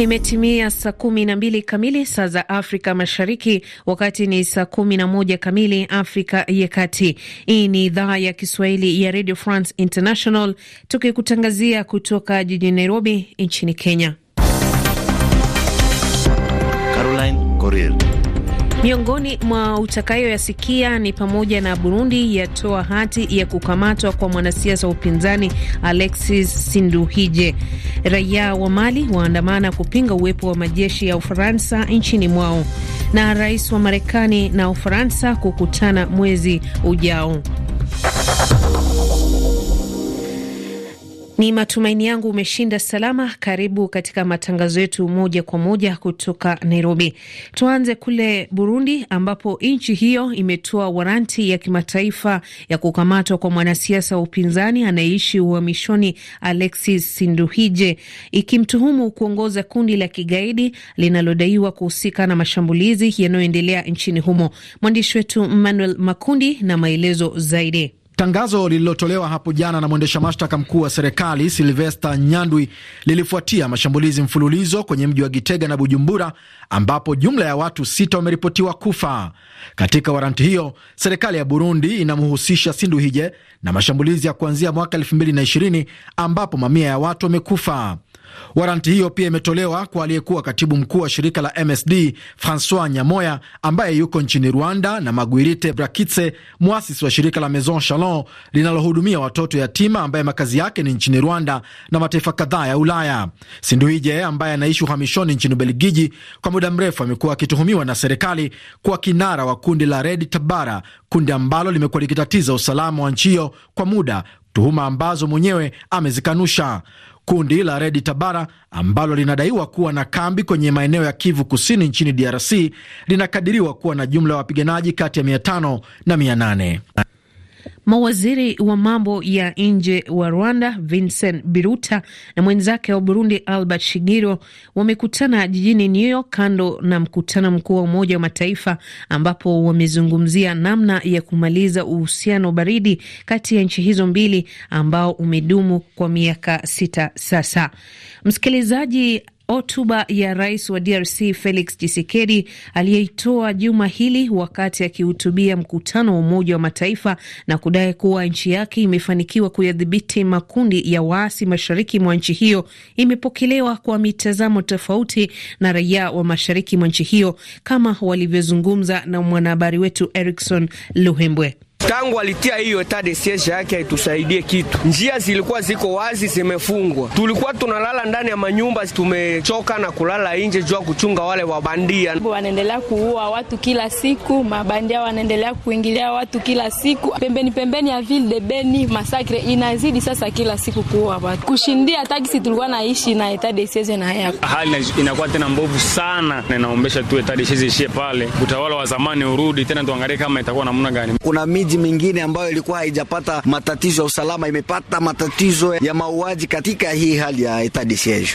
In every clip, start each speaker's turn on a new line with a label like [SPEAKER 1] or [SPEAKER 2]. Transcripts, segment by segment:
[SPEAKER 1] Imetimia saa kumi na mbili kamili saa za Afrika Mashariki, wakati ni saa kumi na moja kamili Afrika ya Kati. Hii ni idhaa ya Kiswahili ya Radio France International, tukikutangazia kutoka jijini Nairobi nchini Kenya. Caroline Miongoni mwa utakayoyasikia ni pamoja na Burundi yatoa hati ya kukamatwa kwa mwanasiasa wa upinzani Alexis Sinduhije. Raia wa Mali waandamana kupinga uwepo wa majeshi ya Ufaransa nchini mwao, na rais wa Marekani na Ufaransa kukutana mwezi ujao. Ni matumaini yangu umeshinda salama. Karibu katika matangazo yetu moja kwa moja kutoka Nairobi. Tuanze kule Burundi, ambapo nchi hiyo imetoa waranti ya kimataifa ya kukamatwa kwa mwanasiasa wa upinzani anayeishi uhamishoni Alexis Sinduhije, ikimtuhumu kuongoza kundi la kigaidi linalodaiwa kuhusika na mashambulizi yanayoendelea nchini humo. Mwandishi wetu manuel Makundi na maelezo zaidi.
[SPEAKER 2] Tangazo lililotolewa hapo jana na mwendesha mashtaka mkuu wa serikali Silvesta Nyandwi lilifuatia mashambulizi mfululizo kwenye mji wa Gitega na Bujumbura, ambapo jumla ya watu sita wameripotiwa kufa. Katika waranti hiyo, serikali ya Burundi inamhusisha Sinduhije na mashambulizi ya kuanzia mwaka 2020 ambapo mamia ya watu wamekufa. Waranti hiyo pia imetolewa kwa aliyekuwa katibu mkuu wa shirika la MSD Francois Nyamoya ambaye yuko nchini Rwanda na Maguirite Brakitse, mwasisi wa shirika la Maison Shalom linalohudumia watoto yatima ambaye makazi yake ni nchini Rwanda na mataifa kadhaa ya Ulaya. Sinduije ambaye anaishi uhamishoni nchini Ubelgiji kwa muda mrefu amekuwa akituhumiwa na serikali kuwa kinara wa kundi la Red Tabara, kundi ambalo limekuwa likitatiza usalama wa nchi hiyo kwa muda tuhuma ambazo mwenyewe amezikanusha. Kundi la Redi Tabara ambalo linadaiwa kuwa na kambi kwenye maeneo ya Kivu Kusini nchini DRC linakadiriwa kuwa na jumla ya wapiganaji kati ya 500 na 800.
[SPEAKER 1] Mawaziri wa mambo ya nje wa Rwanda Vincent Biruta na mwenzake wa Burundi Albert Shigiro wamekutana jijini New York kando na mkutano mkuu wa Umoja wa Mataifa ambapo wamezungumzia namna ya kumaliza uhusiano baridi kati ya nchi hizo mbili ambao umedumu kwa miaka sita sasa. Msikilizaji Hotuba ya rais wa DRC Felix Tshisekedi aliyeitoa juma hili wakati akihutubia mkutano wa Umoja wa Mataifa na kudai kuwa nchi yake imefanikiwa kuyadhibiti makundi ya waasi mashariki mwa nchi hiyo imepokelewa kwa mitazamo tofauti na raia wa mashariki mwa nchi hiyo, kama walivyozungumza na mwanahabari wetu Erikson Luhembwe.
[SPEAKER 2] Tangu alitia hiyo etat de siege yake haitusaidie kitu. Njia zilikuwa ziko wazi, zimefungwa. Tulikuwa tunalala ndani ya manyumba, tumechoka na kulala nje jua kuchunga wale wabandia.
[SPEAKER 3] Wanaendelea kuua watu kila siku, mabandia wanaendelea kuingilia watu kila siku. Pembeni pembeni ya ville de Beni masakre inazidi sasa kila siku kuua watu. Kushindia taksi tulikuwa naishi na etat de siege na yako.
[SPEAKER 2] Hali inakuwa tena mbovu sana na inaombesha tu etat de siege ishie pale. Utawala wa zamani urudi tena tuangalie kama itakuwa namna gani. Kuna midi miji mingine ambayo ilikuwa haijapata matatizo ya usalama imepata matatizo ya mauaji katika hii hali ya etat de siege.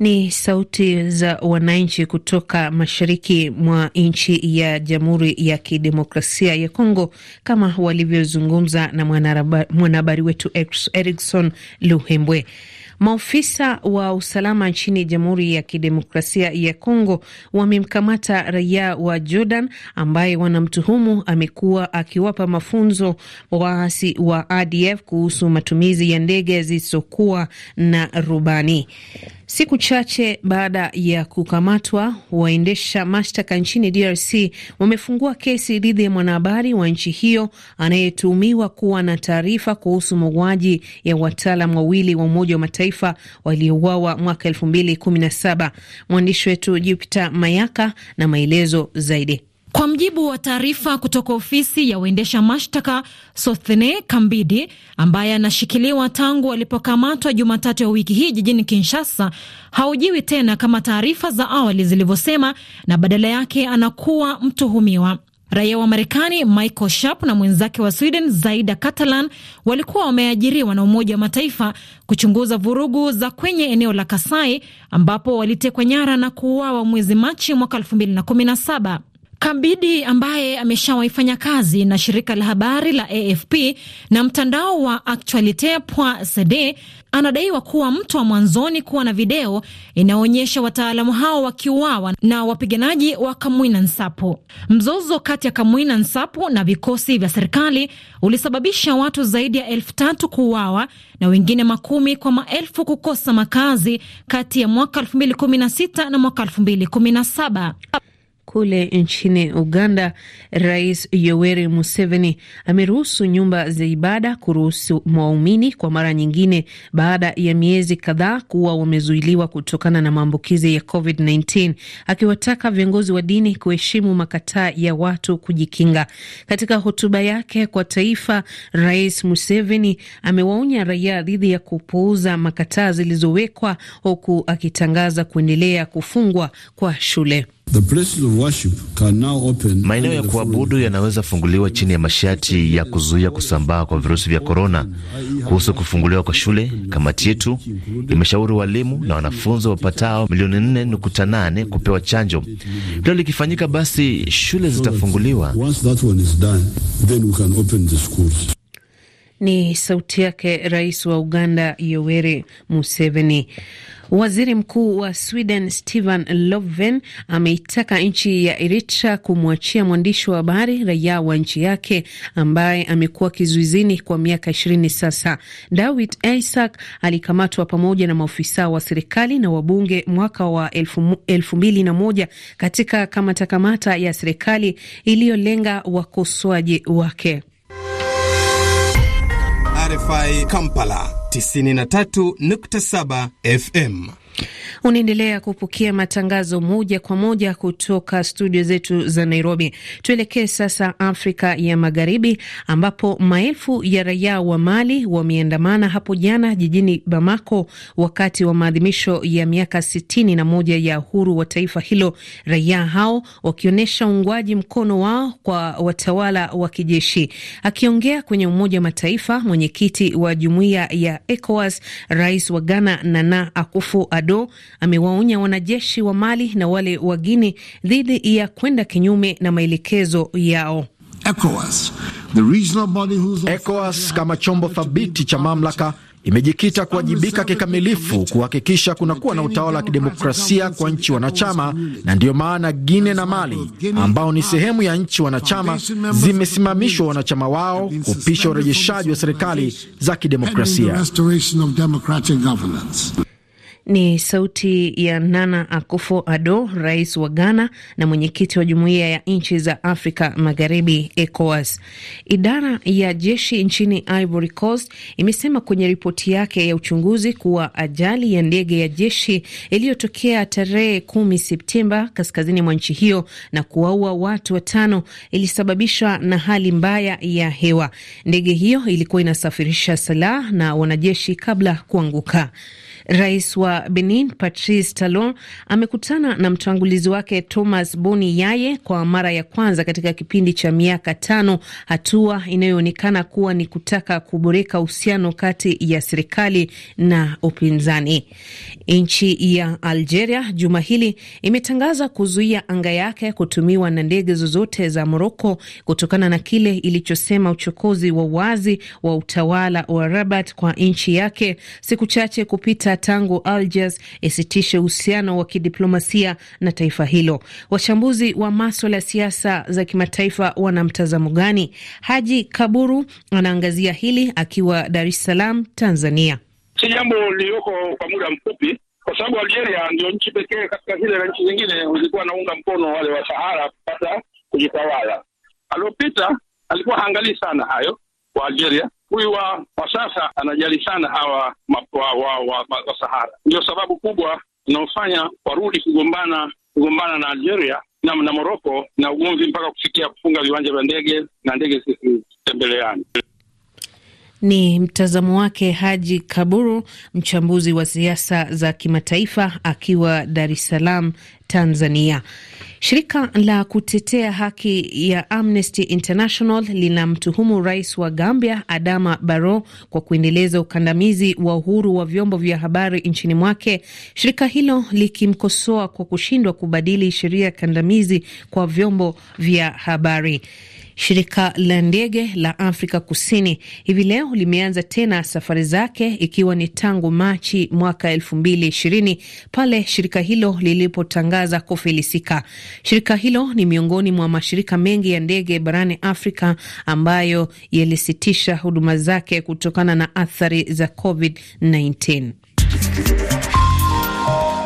[SPEAKER 1] Ni sauti za wananchi kutoka mashariki mwa nchi ya Jamhuri ya Kidemokrasia ya Kongo, kama walivyozungumza na mwanahabari wetu Erikson Luhembwe. Maofisa wa usalama nchini Jamhuri ya Kidemokrasia ya Kongo wamemkamata raia wa Jordan ambaye wanamtuhumu amekuwa akiwapa mafunzo waasi wa ADF kuhusu matumizi ya ndege zisizokuwa na rubani. Siku chache baada ya kukamatwa, waendesha mashtaka nchini DRC wamefungua kesi dhidi ya mwanahabari wa nchi hiyo anayetuhumiwa kuwa na taarifa kuhusu mauaji ya wataalam wawili wa Umoja wa Mataifa taifa waliouawa mwaka elfu mbili kumi na saba. Mwandishi wetu Jupiter Mayaka na maelezo zaidi.
[SPEAKER 3] Kwa mjibu wa taarifa kutoka ofisi ya uendesha mashtaka, Sothene Kambidi ambaye anashikiliwa tangu alipokamatwa Jumatatu ya wiki hii jijini Kinshasa haujiwi tena kama taarifa za awali zilivyosema, na badala yake anakuwa mtuhumiwa. Raia wa Marekani Michael Sharp na mwenzake wa Sweden Zaida Catalan walikuwa wameajiriwa na Umoja wa Mataifa kuchunguza vurugu za kwenye eneo la Kasai ambapo walitekwa nyara na kuuawa mwezi Machi mwaka 2017. Kabidi ambaye ameshawaifanya kazi na shirika la habari la AFP na mtandao wa Actualite.cd anadaiwa kuwa mtu wa mwanzoni kuwa na video inaonyesha wataalamu hao wakiuawa na wapiganaji wa Kamwina Nsapu. Mzozo kati ya Kamwina Nsapu na vikosi vya serikali ulisababisha watu zaidi ya elfu tatu kuuawa na wengine makumi kwa maelfu kukosa makazi kati ya mwaka 2016 na mwaka 2017.
[SPEAKER 1] Kule nchini Uganda, Rais Yoweri Museveni ameruhusu nyumba za ibada kuruhusu waumini kwa mara nyingine baada ya miezi kadhaa kuwa wamezuiliwa kutokana na maambukizi ya COVID-19, akiwataka viongozi wa dini kuheshimu makataa ya watu kujikinga. Katika hotuba yake kwa taifa, Rais Museveni amewaonya raia dhidi ya kupuuza makataa zilizowekwa, huku akitangaza kuendelea kufungwa kwa shule. Maeneo ya kuabudu
[SPEAKER 2] yanaweza funguliwa chini ya masharti ya kuzuia kusambaa kwa virusi vya korona. Kuhusu kufunguliwa kwa shule, kamati yetu imeshauri walimu na wanafunzi wapatao milioni nne nukta nane kupewa chanjo. Hilo likifanyika, basi shule zitafunguliwa.
[SPEAKER 1] Ni sauti yake Rais wa Uganda Yoweri Museveni. Waziri Mkuu wa Sweden Stefan loven ameitaka nchi ya Eritrea kumwachia mwandishi wa habari raia wa nchi yake ambaye amekuwa kizuizini kwa miaka ishirini sasa. Dawit Isaak alikamatwa pamoja na maofisa wa serikali na wabunge mwaka wa elfu, elfu mbili na moja katika kamatakamata ya serikali iliyolenga wakosoaji wake.
[SPEAKER 2] RFI Kampala 93.7 FM.
[SPEAKER 1] Unaendelea kupokea matangazo moja kwa moja kutoka studio zetu za Nairobi. Tuelekee sasa Afrika ya Magharibi, ambapo maelfu ya raia wa Mali wameandamana hapo jana jijini Bamako wakati wa maadhimisho ya miaka sitini na moja ya uhuru wa taifa hilo, raia hao wakionyesha uungwaji mkono wao kwa watawala wa kijeshi. Akiongea kwenye Umoja wa Mataifa, mwenyekiti wa jumuiya ya ECOWAS, rais wa Ghana Nana Akufo-Addo bado amewaonya wanajeshi wa Mali na wale wa dhidi ya kwenda kinyume na maelekezo yao. ECOWAS,
[SPEAKER 2] ECOWAS kama chombo thabiti cha mamlaka imejikita kuwajibika kikamilifu kuhakikisha kunakuwa na utawala wa kidemokrasia kwa nchi wanachama, na ndiyo maana Guine na Mali ambao ni sehemu ya nchi wanachama zimesimamishwa wanachama wao kupisha urejeshaji wa serikali za kidemokrasia.
[SPEAKER 1] Ni sauti ya Nana akufo ado rais wa Ghana na mwenyekiti wa jumuiya ya nchi za Afrika Magharibi, ECOWAS. Idara ya jeshi nchini Ivory Coast imesema kwenye ripoti yake ya uchunguzi kuwa ajali ya ndege ya jeshi iliyotokea tarehe kumi Septemba kaskazini mwa nchi hiyo na kuwaua watu watano ilisababishwa na hali mbaya ya hewa. Ndege hiyo ilikuwa inasafirisha silaha na wanajeshi kabla kuanguka. Rais wa Benin Patrice Talon amekutana na mtangulizi wake Thomas Boni Yaye kwa mara ya kwanza katika kipindi cha miaka tano, hatua inayoonekana kuwa ni kutaka kuboreka uhusiano kati ya serikali na upinzani. Nchi ya Algeria juma hili imetangaza kuzuia anga yake kutumiwa na ndege zozote za Moroko kutokana na kile ilichosema uchokozi wa wazi wa utawala wa Rabat kwa nchi yake, siku chache kupita tangu Algiers isitishe uhusiano wa kidiplomasia na taifa hilo. Wachambuzi wa maswala ya siasa za kimataifa wana mtazamo gani? Haji Kaburu anaangazia hili akiwa Dar es Salaam, Tanzania.
[SPEAKER 2] Si jambo liliyoko kwa muda mfupi kwa sababu Algeria ndio nchi pekee katika zile na nchi zingine zilikuwa anaunga mkono wale wa Sahara kupata kujitawala. Aliopita alikuwa haangalii sana hayo kwa Algeria, huyu wa kwa sasa anajali sana hawa wa, wa, wa, wa Sahara. Ndio sababu kubwa inayofanya warudi kugombana kugombana na Algeria na, na Moroko na ugomvi mpaka kufikia kufunga viwanja vya ndege na ndege zisitembeleani.
[SPEAKER 1] Ni mtazamo wake Haji Kaburu, mchambuzi wa siasa za kimataifa akiwa Dar es Salaam, Tanzania. Shirika la kutetea haki ya Amnesty International linamtuhumu rais wa Gambia Adama Barrow kwa kuendeleza ukandamizi wa uhuru wa vyombo vya habari nchini mwake, shirika hilo likimkosoa kwa kushindwa kubadili sheria kandamizi kwa vyombo vya habari. Shirika la ndege la Afrika Kusini hivi leo limeanza tena safari zake ikiwa ni tangu Machi mwaka elfu mbili ishirini pale shirika hilo lilipotangaza kufilisika. Shirika hilo ni miongoni mwa mashirika mengi ya ndege barani Afrika ambayo yalisitisha huduma zake kutokana na athari za COVID-19.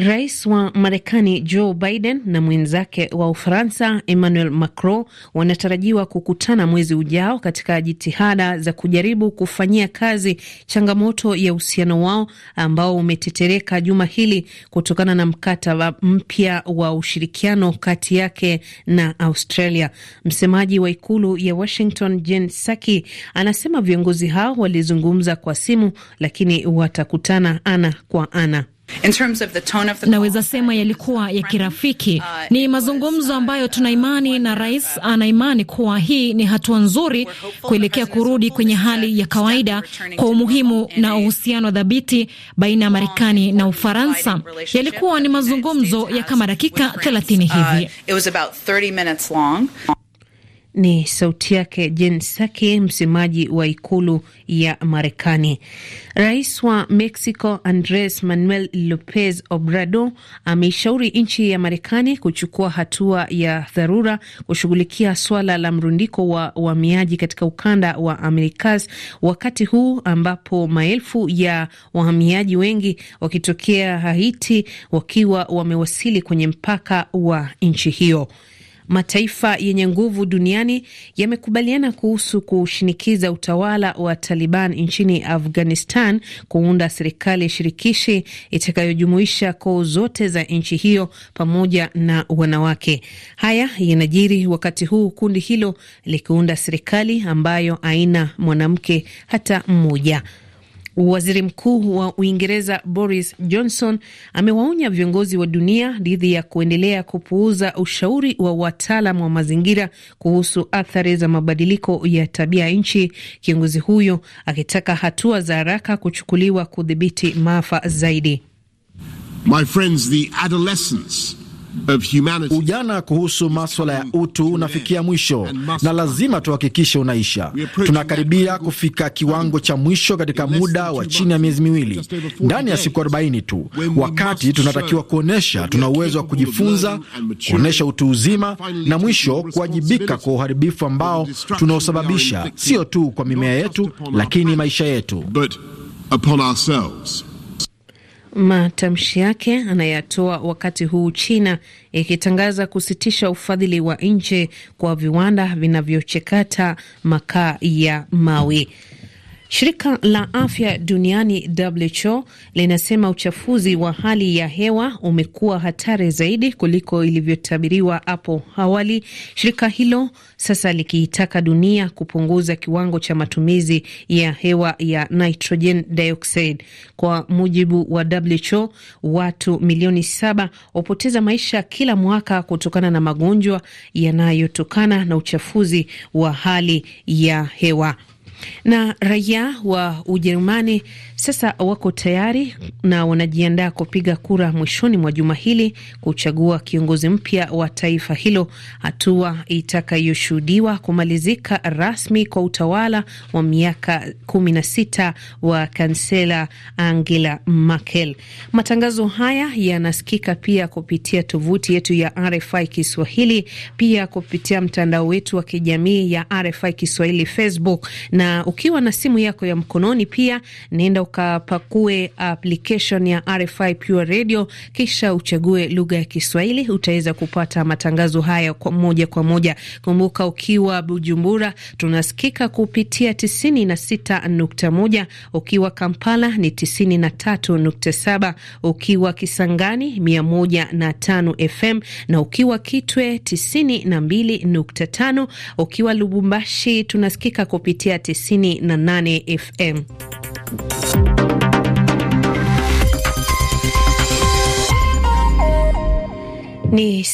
[SPEAKER 1] Rais wa Marekani Joe Biden na mwenzake wa Ufaransa Emmanuel Macron wanatarajiwa kukutana mwezi ujao katika jitihada za kujaribu kufanyia kazi changamoto ya uhusiano wao ambao umetetereka juma hili kutokana na mkataba mpya wa ushirikiano kati yake na Australia. Msemaji wa ikulu ya Washington Jen Psaki anasema viongozi hao walizungumza kwa simu, lakini watakutana ana kwa ana.
[SPEAKER 3] Naweza sema yalikuwa ya
[SPEAKER 1] kirafiki.
[SPEAKER 3] Uh, ni mazungumzo ambayo uh, tuna imani na rais uh, ana imani kuwa hii ni hatua nzuri kuelekea kurudi kwenye hali ya kawaida kwa umuhimu na uhusiano dhabiti baina ya Marekani na Ufaransa. Yalikuwa ni mazungumzo ya kama dakika 30 hivi.
[SPEAKER 1] Ni sauti yake Jen Psaki, msemaji wa ikulu ya Marekani. Rais wa Mexico Andres Manuel Lopez Obrador ameishauri nchi ya Marekani kuchukua hatua ya dharura kushughulikia swala la mrundiko wa wahamiaji katika ukanda wa Americas, wakati huu ambapo maelfu ya wahamiaji wengi wakitokea Haiti wakiwa wamewasili kwenye mpaka wa nchi hiyo. Mataifa yenye nguvu duniani yamekubaliana kuhusu kushinikiza utawala wa Taliban nchini Afghanistan kuunda serikali shirikishi itakayojumuisha koo zote za nchi hiyo pamoja na wanawake. Haya yanajiri wakati huu kundi hilo likiunda serikali ambayo haina mwanamke hata mmoja. Waziri Mkuu wa Uingereza Boris Johnson amewaonya viongozi wa dunia dhidi ya kuendelea kupuuza ushauri wa wataalam wa mazingira kuhusu athari za mabadiliko ya tabia ya nchi, kiongozi huyo akitaka hatua za haraka kuchukuliwa kudhibiti maafa zaidi.
[SPEAKER 2] My friends, the adolescence Ujana kuhusu maswala ya utu unafikia mwisho na lazima tuhakikishe unaisha. Tunakaribia kufika kiwango cha mwisho katika muda wa chini ya miezi miwili, ndani ya siku 40 tu, wakati tunatakiwa kuonyesha tuna uwezo wa kujifunza, kuonyesha utu uzima, na mwisho kuwajibika kwa uharibifu ambao tunaosababisha, sio tu kwa mimea yetu, lakini maisha yetu.
[SPEAKER 1] Matamshi yake anayatoa wakati huu China ikitangaza kusitisha ufadhili wa nje kwa viwanda vinavyochakata makaa ya mawe. Shirika la afya duniani WHO linasema uchafuzi wa hali ya hewa umekuwa hatari zaidi kuliko ilivyotabiriwa hapo awali, shirika hilo sasa likiitaka dunia kupunguza kiwango cha matumizi ya hewa ya nitrogen dioxide. Kwa mujibu wa WHO, watu milioni saba hupoteza maisha kila mwaka kutokana na magonjwa yanayotokana na uchafuzi wa hali ya hewa. Na raia wa Ujerumani sasa wako tayari na wanajiandaa kupiga kura mwishoni mwa juma hili kuchagua kiongozi mpya wa taifa hilo, hatua itakayoshuhudiwa kumalizika rasmi kwa utawala wa miaka kumi na sita wa kansela Angela Merkel. Matangazo haya yanasikika pia kupitia tovuti yetu ya RFI Kiswahili, pia kupitia mtandao wetu wa kijamii ya RFI Kiswahili Facebook na ukiwa na simu yako ya mkononi pia nenda ukapakue application ya RFI Pure Radio, kisha uchague lugha ya Kiswahili. Utaweza kupata matangazo haya kwa moja kwa moja. Kumbuka ukiwa Bujumbura tunasikika kupitia 96.1, ukiwa Kampala ni 93.7, ukiwa Kisangani 105 FM na ukiwa Kitwe 92.5, ukiwa Lubumbashi tunasikika kupitia 98 FM. Ni